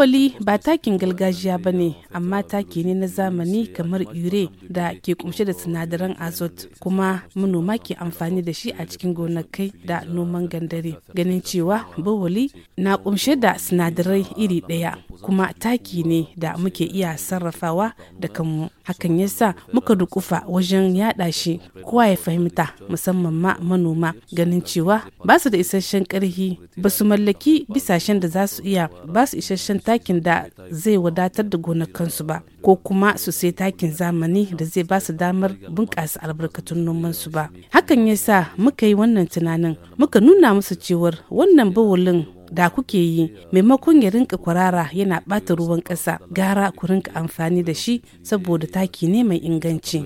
Alawali ba takin gargajiya ba ne, amma taki ne na zamani kamar ure da ke kumshe da sinadaran azot kuma manoma ke amfani da shi a cikin gonakai da noman gandare. Ganin cewa bawali na kumshe da sinadarai iri ɗaya kuma taki ne da muke iya sarrafawa da kanmu hakan yasa muka dukufa wajen yada shi kowa ya fahimta musamman ma manoma ganin cewa ba su da isasshen karhi ba su mallaki bisashen da za su iya ba su isasshen takin da zai wadatar da gonakansu ba ko kuma su sai takin zamani da zai ba su damar bunƙasa albarkatun nomansu ba hakan yasa muka yi wannan tunanin muka nuna musu cewar wannan bawulin da kuke yi maimakon ya rinka kwarara yana ɓata ruwan ƙasa gara ku rinka amfani da shi saboda taki ne mai inganci.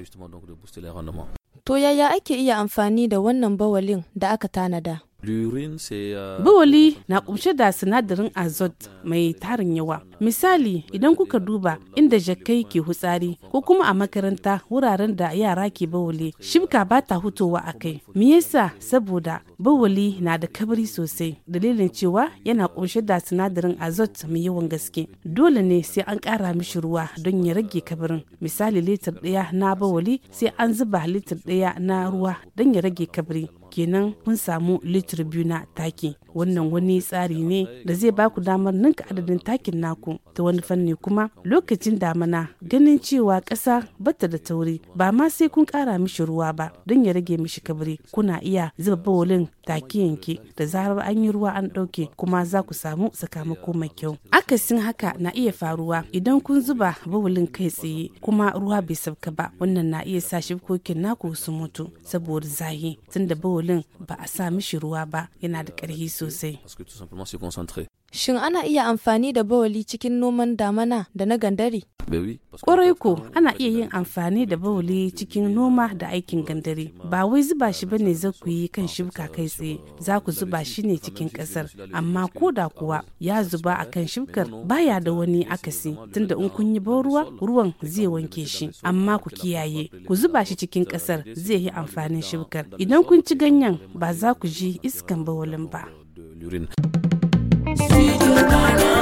To yaya ake iya amfani da wannan bawalin da aka tanada? Euh, bawali na kumshe da sinadarin azot mai tarin yawa. Misali idan kuka duba inda jakai ke hutsari ko kuma a makaranta wuraren da yara ke bawali shibka ba ta hutowa a kai. Me yasa saboda bawali na da kabari sosai dalilin cewa yana kunshe da sinadarin azot mai yawan gaske dole ne sai an kara mishi ruwa don ya rage kabarin misali litir ɗaya na bawali sai an zuba litir ɗaya na ruwa don ya rage kabari kenan kun samu litir biyu na taki wannan wani tsari ne da zai baku damar ninka adadin takin naku ta wani fanni kuma lokacin damana ganin cewa ƙasa bata da tauri ba ma sai kun ƙara mishi ruwa ba don ya rage mishi kabari kuna iya zuba bawalin take da zarar an yi ruwa an ɗauke kuma za ku samu sakamako mai kyau akasin haka na iya faruwa idan kun zuba bawulin kai tsaye kuma ruwa bai sauka ba wannan na iya sa shifkokin naku su mutu saboda zahi tunda bawulin ba a sa mishi ruwa ba yana da ƙarfi sosai Shin ana iya amfani da bawali cikin noman damana da na gandari? Ƙwarai ko ana iya yin amfani da bawali cikin noma da aikin gandare. Ba wai zuba shi bane za ku yi kan shibka kai tsaye, za ku zuba shi ne cikin ƙasar. Amma ko da kuwa ya zuba a kan shibkar baya da wani akasi, tunda in kun yi ban ruwa, ruwan zai wanke shi. Amma ku kiyaye, ku zuba shi cikin ƙasar zai yi amfanin shibkar. Idan kun ci ganyen ba za ku ji iskan bawalin ba. You Cubana.